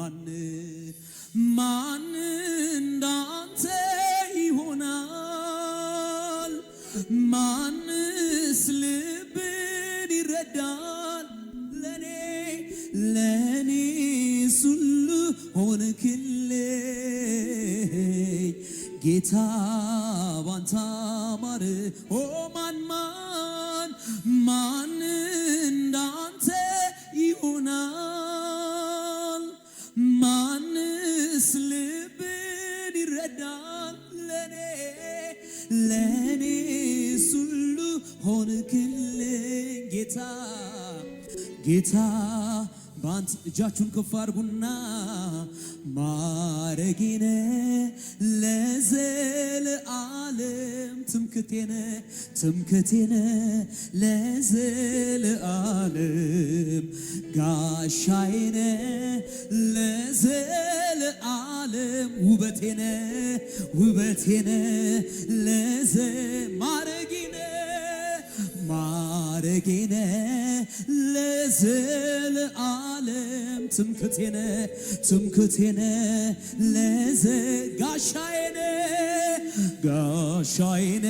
Money. ጌታ በአንተ እጃችሁን ከፍ አድርጉና ማረጌነ ለዘለዓለም ትምክቴነ ትምክቴነ ለዘለዓለም ጋሻዬነ ለዘለዓለም ውበቴነ ውበቴነ ለዘ ለዘለዓለም ትምክቴነ ትምክቴነ ለዘ ጋሻይነ ጋሻይነ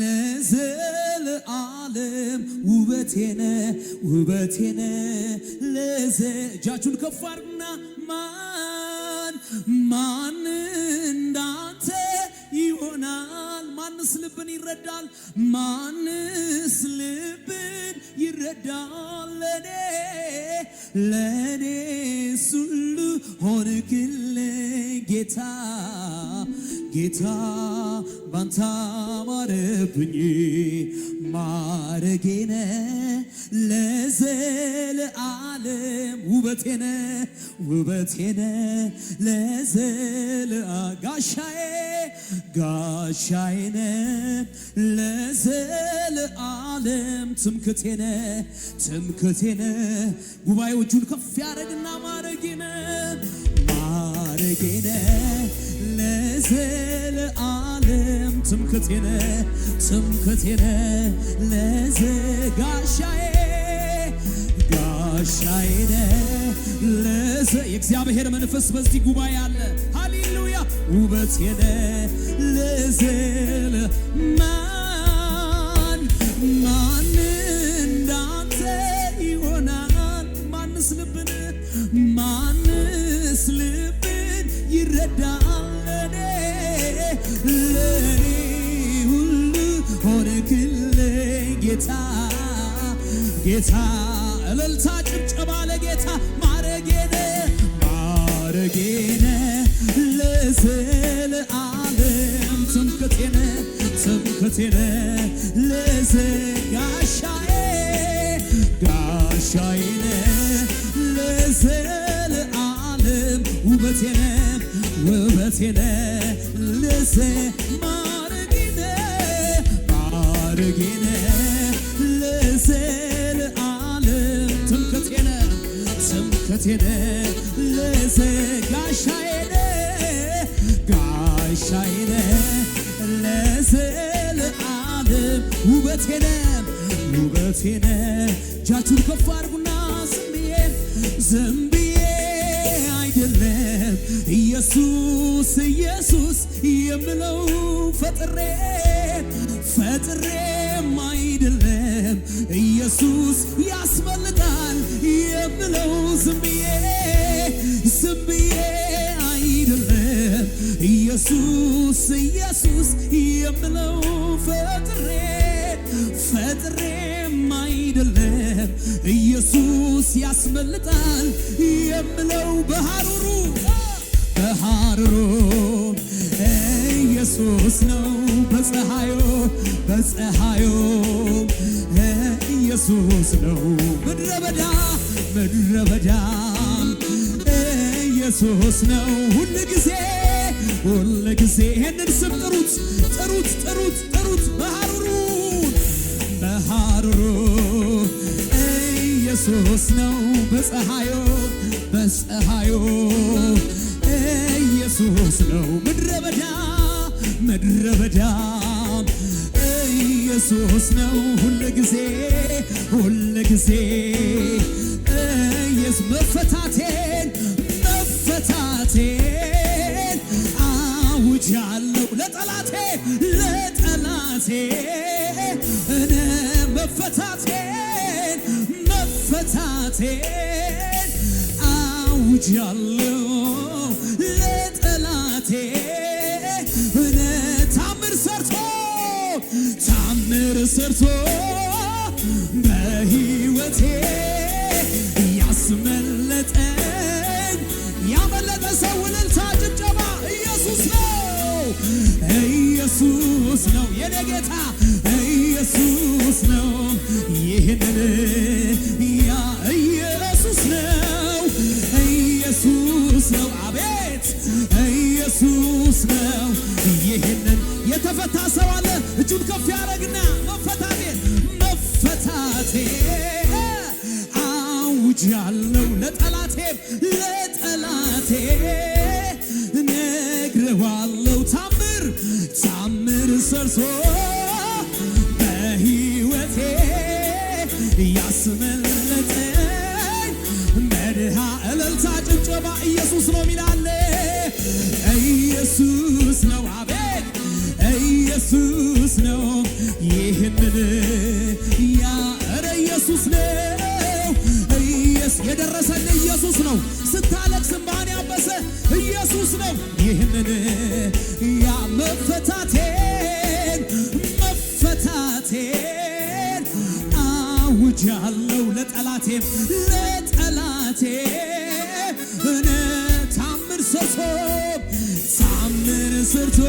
ለዘለዓለም ውበቴነ ውበቴነ ለዘ እጃችሁን ከፍ አድርጉና ማን ማን እንዳንተ ይሆናል? ማንስ ልብን ይረዳል? ማንስ ልብን ይረዳል? ለኔ ለኔ ሱሉ ሆንክል ጌታ ጌታ ባንታ ማረብኝ ማረጌነ ለዘ ውበቴነ ውበቴነ ለዘለ ጋሻዬ ጋሻዬነ ለዘለ ዓለም ትምክቴነ ትምክቴነ ጉባኤው ከፍ ያደረግና ማረጌነ ማረጌነ ለዘለ ዓለም ትምክቴነ ትምክቴነ ለዘጋሻዬ ጋሻዬነ ለዘ የእግዚአብሔር መንፈስ በዚህ ጉባኤ አለ። ሃሌሉያ ውበቴነ ለዘለ ማን ማን እንዳንተ ይሆናል? ማንስ ልብን ማንስ ልብን ይረዳል? ለኔ ሁሉ ሆነክለ ጌታ ጌታ እልልታ ጭብጨባ ለጌታ ማረጌነ ማረጌነ ለዘለዓለም ትምክቴነ ትምክቴነ ለዘ ጋሻዬ ጋሻዬነ ለዘለዓለም ውበቴነ ውበቴነ ለዘ ማረጌነ ማረጌነ ለዘ መተቴነ ልስ ጋሻዬነ ጋሻዬነ ለስዕለ ዓለም ውበቴነ ውበቴነ እጃችሁን ከፍ አድርጉና ዝም ብዬ ዝም ብዬ አይደለም ኢየሱስ ኢየሱስ የምለው ፈጥሬ ፈጥሬም አይደለም ኢየሱስ ያስበልጣል የምለው ዝም ብዬ ዝም ብዬ አይደለም ኢየሱስ ኢየሱስ የምለው ፈጥሬ ፈጥሬም አይደለም ኢየሱስ ያስመልጣል የምለው በሐሩሩ በሐሩሩ ኢየሱስ ነው በፀሐዮ በፀሐዮ ኢየሱስ ነው። ምድረ በዳ ምድረ በዳ ኢየሱስ ነው። ሁል ጊዜ ሁል ጊዜ ይህንን ስም ጥሩት ጥሩት ጥሩት ጥሩት በሐሩሩ በሐሩሩ ኢየሱስ ነው። በፀሐዮ በፀሐዮ ኢየሱስ ነው። ምድረ በዳ ምድረ በዳ ኢየሱስ ነው ሁል ጊዜ ሁል ጊዜ ኢየሱስ መፈታቴን መፈታቴን አውጃለሁ ለጠላቴ ለጠላቴ እኔ መፈታቴን መፈታቴን አውጃለሁ ጭምር ሰርቶ በህይወቴ ያስመለጠኝ ያመለጠ ሰው እልልታ፣ ጭብጨባ ኢየሱስ ነው፣ ኢየሱስ ነው የኔ ጌታ ኢየሱስ ነው። ይህንን ያ ኢየሱስ ነው፣ ኢየሱስ ነው። አቤት ኢየሱስ ነው። ይህንን የተፈታ ሰው እጆቹን ከፍ ያደረግና መፈታቴ መፈታቴ አውጃለሁ ለጠላቴም ለጠላቴ ነግረዋለሁ ታምር ታምር ሰርቶ በሕይወቴ ያስመለጠኝ መድሃ እለልታ ጭብጨባ ኢየሱስ ነው ሚላለ ኢየሱስ ነው አቤት ኢየሱስ የለብን ያ ኧረ ኢየሱስ ነው የደረሰን ኢየሱስ ነው። ስታለቅ ስንባን ያበሰ ኢየሱስ ነው። ይህንን ያ መፈታቴን መፈታቴን አውጃለው ለጠላቴ ለጠላቴ እነ ታምር ሰርቶ ታምር ሰርቶ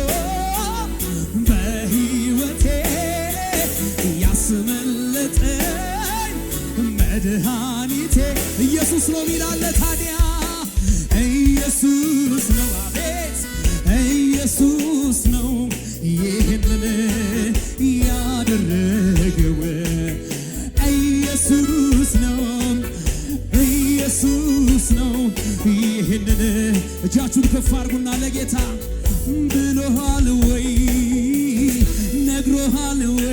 መድኃኒቴ ኢየሱስ ነው ሚላለ ታዲያ ኢየሱስ ነው አቤት ኢየሱስ ነው ይህንን ያደረገው ኢየሱስ ነው ኢየሱስ ነው ይህንን እጃችሁን ከፍ አድርጉና ለጌታ ብሎሃል ወይ ነግሮሃል ወይ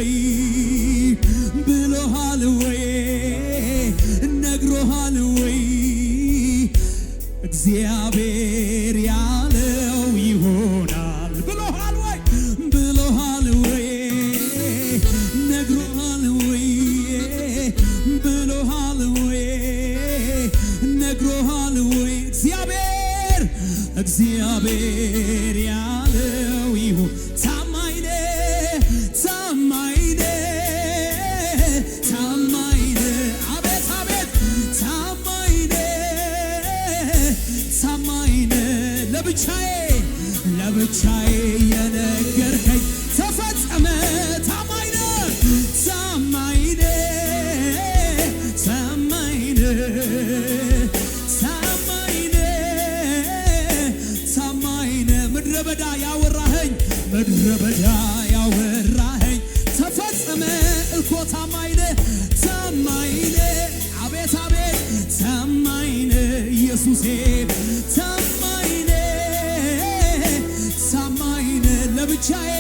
በምድረ በዳ ያወራኸኝ ተፈጸመ እኮ ታማይነ ታማኝነ አቤት አቤት ታማኝነ ኢየሱሴ ታማኝነ ታማኝነ ለብቻዬ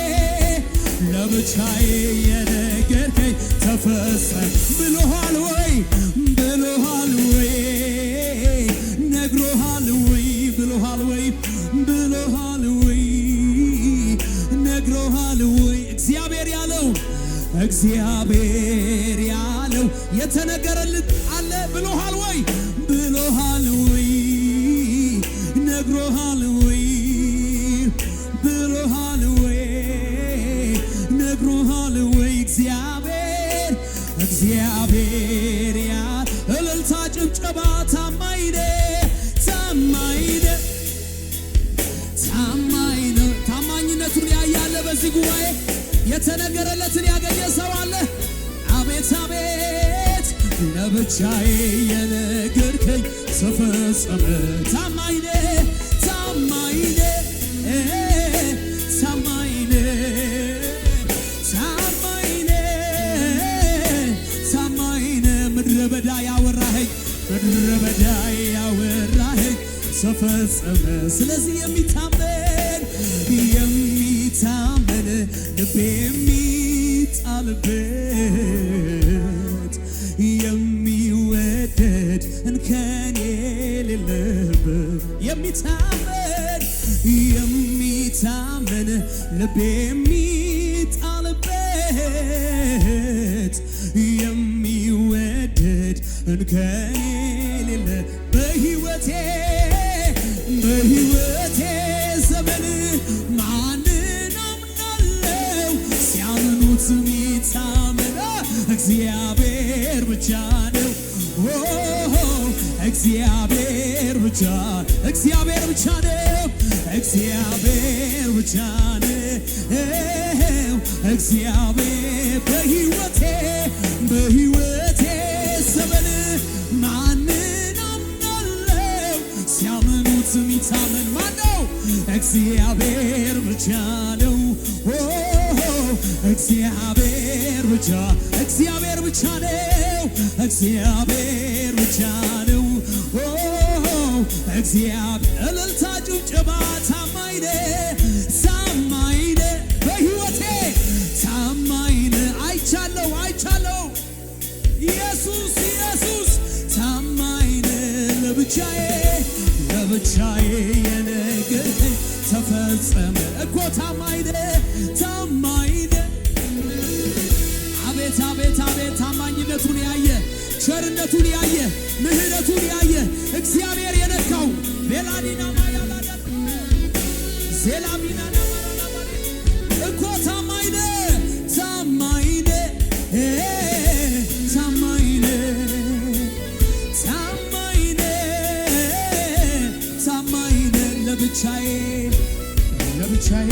ለብቻዬ የነገርከኝ ተፈጸመ ብሎሃል ወይ የተነገረልን አለ ብሎሃል ወይ? ብሎሃል ወይ? ነግሮሃል ወይ? ብሎሃል ወይ? ነግሮሃል ወይ? እግዚአብሔር እግዚአብሔር ያ እልልታ ጭብጨባ ታማኝ ነው ታማኝ ታማኝነቱን ያያለ በዚህ ጉባኤ የተነገረለትን ያገኘ ሰው አለ ለብቻዬ የነገርከኝ ተፈጸመ። ታማኝ ነህ፣ ታማኝ ነህ፣ ታማኝ ምድረ በዳ ያወራኸኝ ተፈጸመ። ስለዚህ የሚታመን የሚታመን ልቤ የሚጣልበት የሚቀደድ እንከን የሌለበት የሚታመን የሚታመን ልብ የሚጣልበት የሚወደድ እንከን የሌለ በሕይወቴ እግዚአብሔር ብቻ እግዚአብሔር ብቻ ነው እግዚአብሔር ብቻ ነው እግዚአብሔር በህይወቴ በህይወቴ ዘመን ማንን አምናለው? ሲያምኑት የሚታመን ማነው? እግዚአብሔር ብቻ ነው እግዚአብሔር ብቻ እግዚአብሔር ብቻ ነው እግዚአብሔር ብቻ እግዚአብሔር እልልታ፣ ጭብጨባ ታማኝ ነህ፣ ታማኝ ነህ በሕይወቴ ታማኝ አይቻለሁ አይቻለሁ ኢየሱስ ኢየሱስ ታማኝ ነህ። ለብቻዬ ለብቻዬ የነገርህ ተፈጸመ እኮ ታማኝ ነህ አቤት አቤት አቤት ታማኝነቱን ያየ ቸርነቱን ያየ ምሕረቱን ያየ እግዚአብሔር የነካው ቤላዲናማ ያላዳ ዜላሚናና እኮ ታማይነ ታማይነ ታማይነ ታማይነ ታማይነ ለብቻዬ ለብቻዬ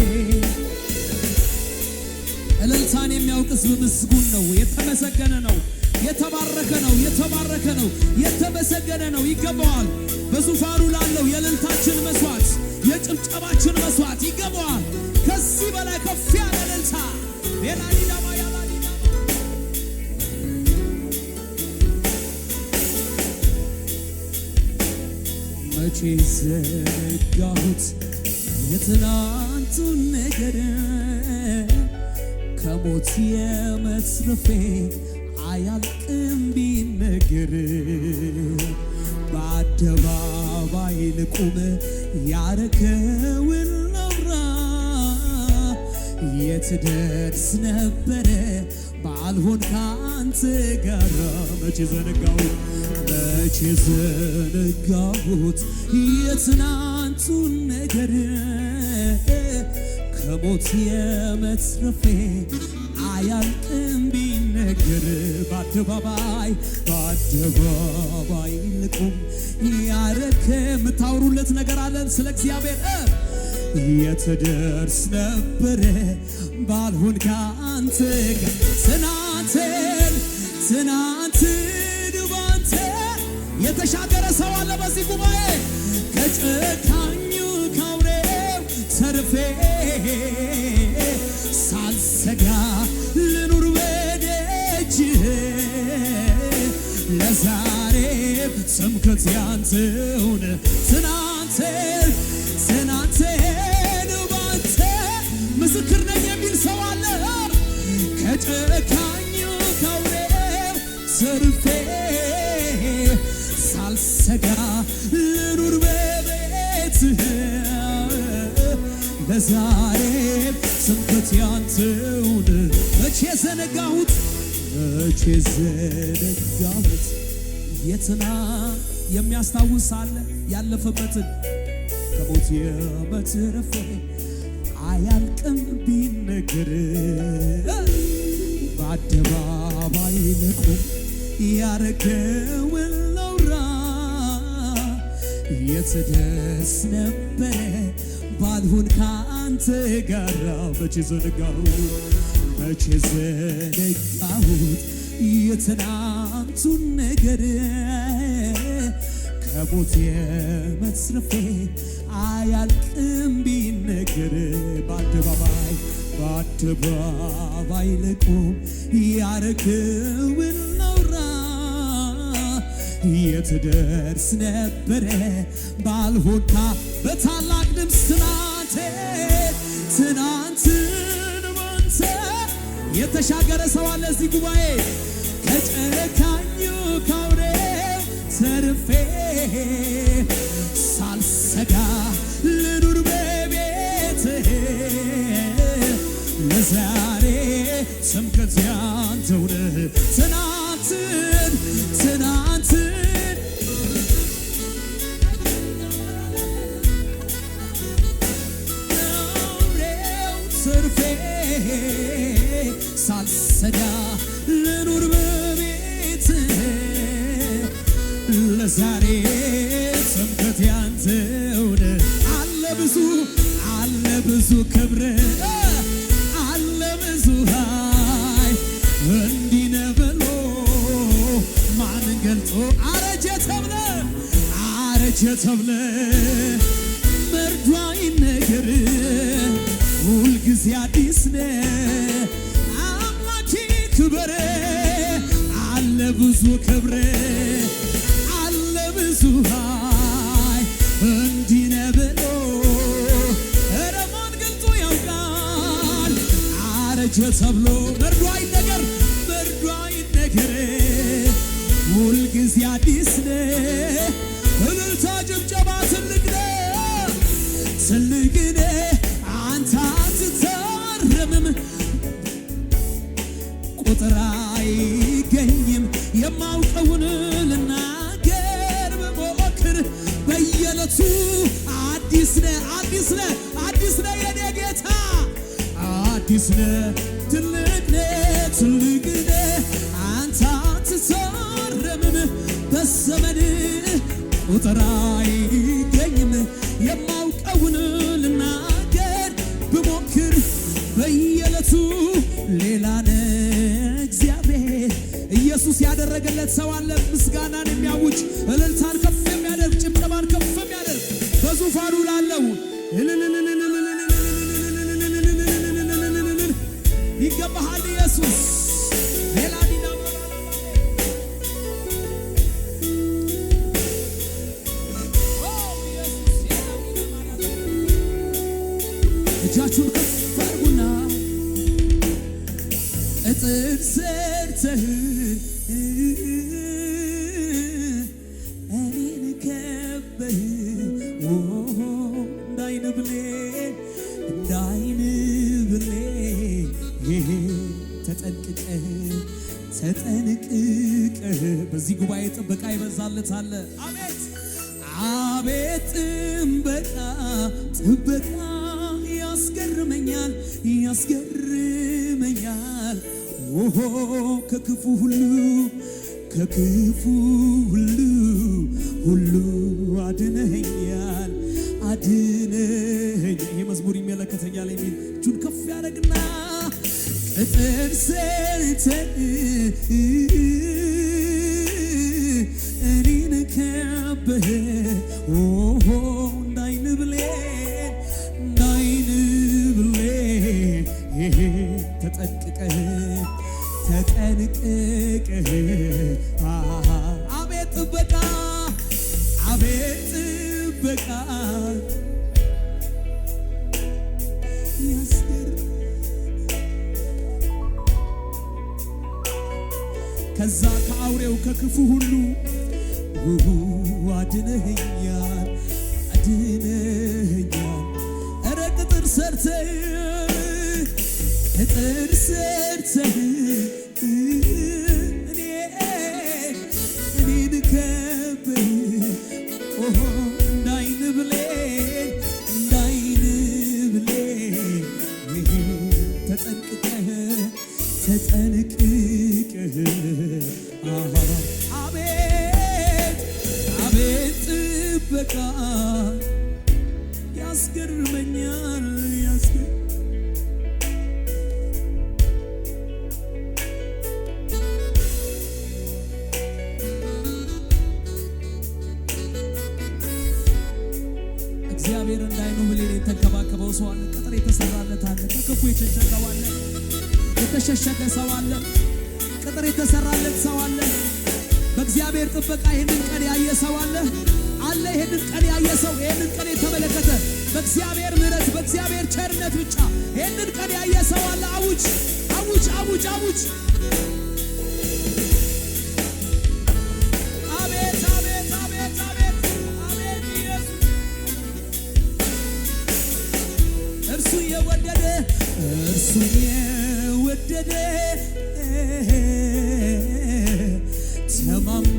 እልልታን የሚያውቅ ሕዝብ ምስጉን ነው፣ የተመሰገነ ነው። የተባረከ ነው፣ የተባረከ ነው፣ የተመሰገነ ነው። ይገባዋል። በዙፋኑ ላለው የእልልታችን መስዋዕት፣ የጭብጨባችን መስዋዕት ይገባዋል። ከዚህ በላይ ከፍ ያለ እልልታ ሌላሊዳማ መቼ ዘጋሁት የትናንቱን ነገር ከሞት የመትረፌ አያልቅም ቢነገር በአደባባይ ልቁም ያረከውን ላውራ የት ደርስ ነበረ ባልሆን ካንተ ጋር መቼ ዘነጋው መቼ ዘነጋሁት የትናንቱን ነገር ከሞት የመትረፌ አያልቅም ሲነገር በአደባባይ በአደባባይ ልቁም ያረከ የምታወሩለት ነገር አለን ስለ እግዚአብሔር የተደርስ ነበረ ባልሆን ከአንተ ጋር ትናንትን ትናንትን ባንተ የተሻገረ ሰው አለ በዚህ ጉባኤ ከጨካኙ ካውሬው ተርፌ ሳልሰገ ለዛሬ ፍጽም ከትያንትውን ትናንቴ ትናንቴን ባንተ ምስክር ነኝ የሚል ሰው አለ። ከጨካኝ ከውሬ ስርፌ ሳልሰጋ ልኑር በቤትህ ለዛሬ ፍጽም ከትያንትውን መቼ ዘነጋሁት መቼ ዘነጋሁት የትና የሚያስታውስ አለ ያለፈበትን ከሞት የመትረፌ አያልቅም ቢነገር በአደባባይ ልቁም ያረገውን ላውራ የትደስ ነበረ ባልሆን ካንተ ጋራው መቼ ዘነጋው መቼ ዘነጋሁት የትናንቱን ነገር ከሞት የመትረፌ አያልቅም ቢነገር በአደባባይ በአደባባይ ለቆም ያረክውን ነውራ የትደርስ ነበረ ባልሆታ በታላቅ ድምፅ ትናንቴ ትናንትን ባንተ የተሻገረ ሰው አለ እዚህ ጉባኤ ከጨካኙ ካውሬ ተርፌ ሳልሰጋ ልኑር በቤትህ ለዛሬ ስም ከዚያን ትውልህ ትናንት ብዙ ክብር አለ ብዙ ኃይል እንዲህ ነው ብሎ ማንን ገልጾ አረጀ ተብለ አረጀ ተብለ መርዷ ይነገር ሁልጊዜ አዲስ ነው አምላኬ ክብር አለ ብዙ ክብር አለ ብዙ ኃይል እንዲህ ነው ናቸው ተብሎ መርዶ አይነገር መርዶ አይነገር ሁልጊዜ አዲስ ነህ እልልታ ጭብጨባ ትልቅ ነህ ትልቅ ነህ አንተ አትታረምም ቁጥር አይገኝም የማውቀውን ልናገር ብሞክር በየዕለቱ አዲስ ነ አዲስ ነህ አዲስ ነ የኔ ጌታ አዲስ ነህ ትልቅ ነህ ትልቅ ነህ አንተ አትታረምም በዘመንህ ቁጥር አይገኝም የማውቀውን ልናገር ብሞክር በየዕለቱ ሌላ ነህ እግዚአብሔር ኢየሱስ ያደረገለት ሰው አለ ምስጋናን የሚያውጭ እልልታን ከፍ የሚያደርግ ጭብጨባን ከፍ የሚያደርግ በዙፋኑ ላለ ያደርግለታል። አቤት ጥበቃ ጥበቃ ያስገርመኛል ያስገርመኛል ወሆ ከክፉ ሁሉ ከክፉ ሁሉ ሁሉ ተከበህ ሆ እንዳይን ብሌን እንዳይን ብሌን ተጠንቅቀህ ተጠንቅቀህ አቤት ጥበቃ አቤት ጥበቃ ከዛ ከአውሬው ከክፉ ተጠንቅቅህ አቤት አቤት ጥበቃ ያስገርመኛል የተሸሸገ ሰው አለ። ቅጥር የተሰራለት ሰው አለ። በእግዚአብሔር ጥበቃ ይህንን ቀን ያየ ሰው አለ አለ። ይህንን ቀን ያየ ሰው ይህንን ቀን የተመለከተ በእግዚአብሔር ምሕረት በእግዚአብሔር ቸርነት ብቻ ይህንን ቀን ያየ ሰው አለ። አውጅ አውጅ አውጅ አውጅ መንገድ ተማምኖ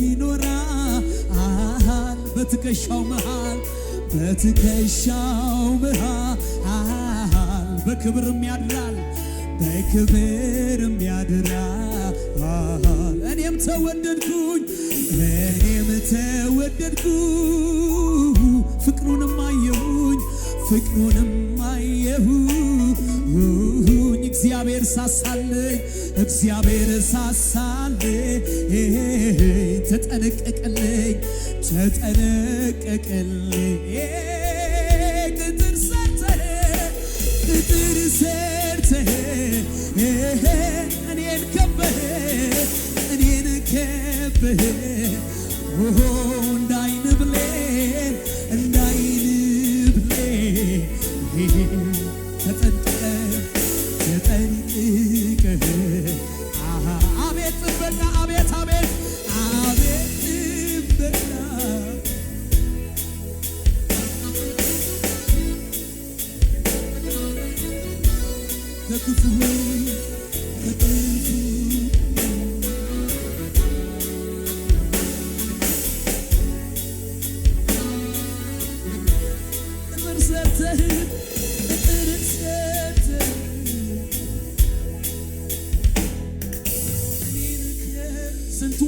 ይኖራል በትከሻው መሃል በትከሻው መሃል በክብርም ያድራል በክብርም ያድራል። እኔም ተወደድኩኝ እኔም ተወደድኩ ፍቅሩንም አየሁኝ ፍቅሩንም አየሁ እግዚአብሔር ሳሳለኝ እግዚአብሔር ሳሳለኝ ተጠነቀቀልኝ ተጠነቀቀልኝ ቅጥር ሰርተህ ቅጥር ሰርተህ እኔን ከበህ እኔን ከበህ ስንቱ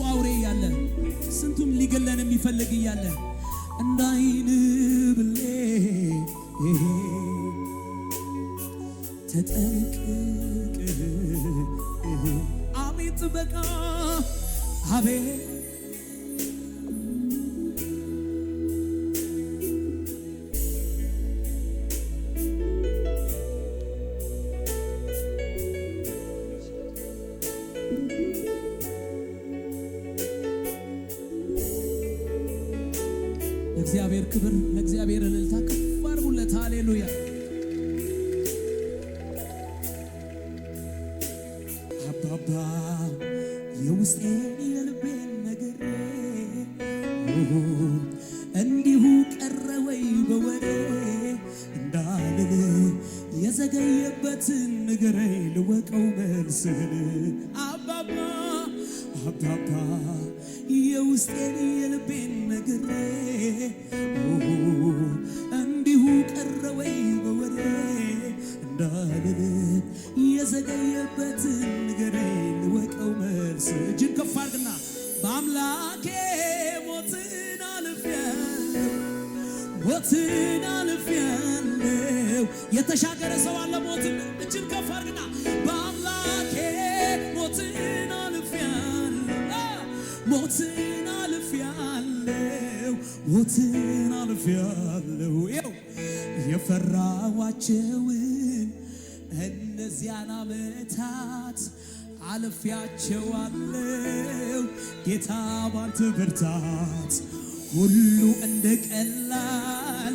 አውሬ እያለ ስንቱም ሊገለን የሚፈልግ እያለ ለእግዚአብሔር ክብር፣ ለእግዚአብሔር እልልታ ከፍ አድርጉለት። ሃሌሉያ የዘገየበትን ንገረኝ ልወቀው መልስ እጅን ከፍ አድርግና በአምላኬ ሞትን አልፌያለሁ ሞትን አልፌያለሁ የተሻገረ ሰው አለ ሞትን እጅን ከፍ አድርግና በአምላኬ ሞትን አልፌያለሁ ሞትን አልፌያለሁ ሞትን አልፌያለሁ እነዚያን አመታት አልፊያቸዋለው ጌታ ባንተ ብርታት ሁሉ እንደ ቀላል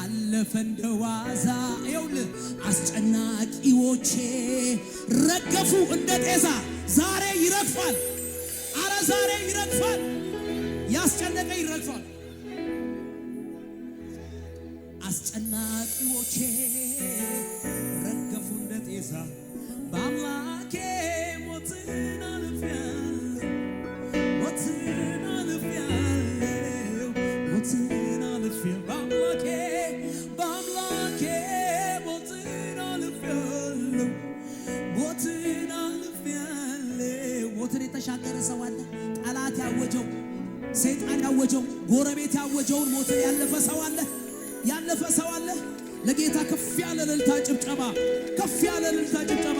አለፈ እንደ ዋዛ የውል አስጨናቂዎቼ ረገፉ እንደ ጤዛ ዛሬ ይረግፋል። አረ ዛሬ ይረግፋል። ያስጨነቀ ይረግፋል። አስጨናቂዎቼ ቤዛ በአምላኬ ሞትን አልፌያለሁ ሞትን አልፌያለሁ ሞትን አልፌያለሁ በአምላኬ በአምላኬ ሞትን አልፌያለሁ ሞትን አልፌያለሁ ሞትን የተሻገረ ሰው አለ። ጠላት ያወጀው፣ ሰይጣን ያወጀው፣ ጎረቤት ያወጀውን ሞትን ያለፈ ሰው አለ። ያለፈ ሰው አለ። ለጌታ ከፍ ያለ ልልታ ጭብጨባ፣ ከፍ ያለ ልልታ ጭብጨባ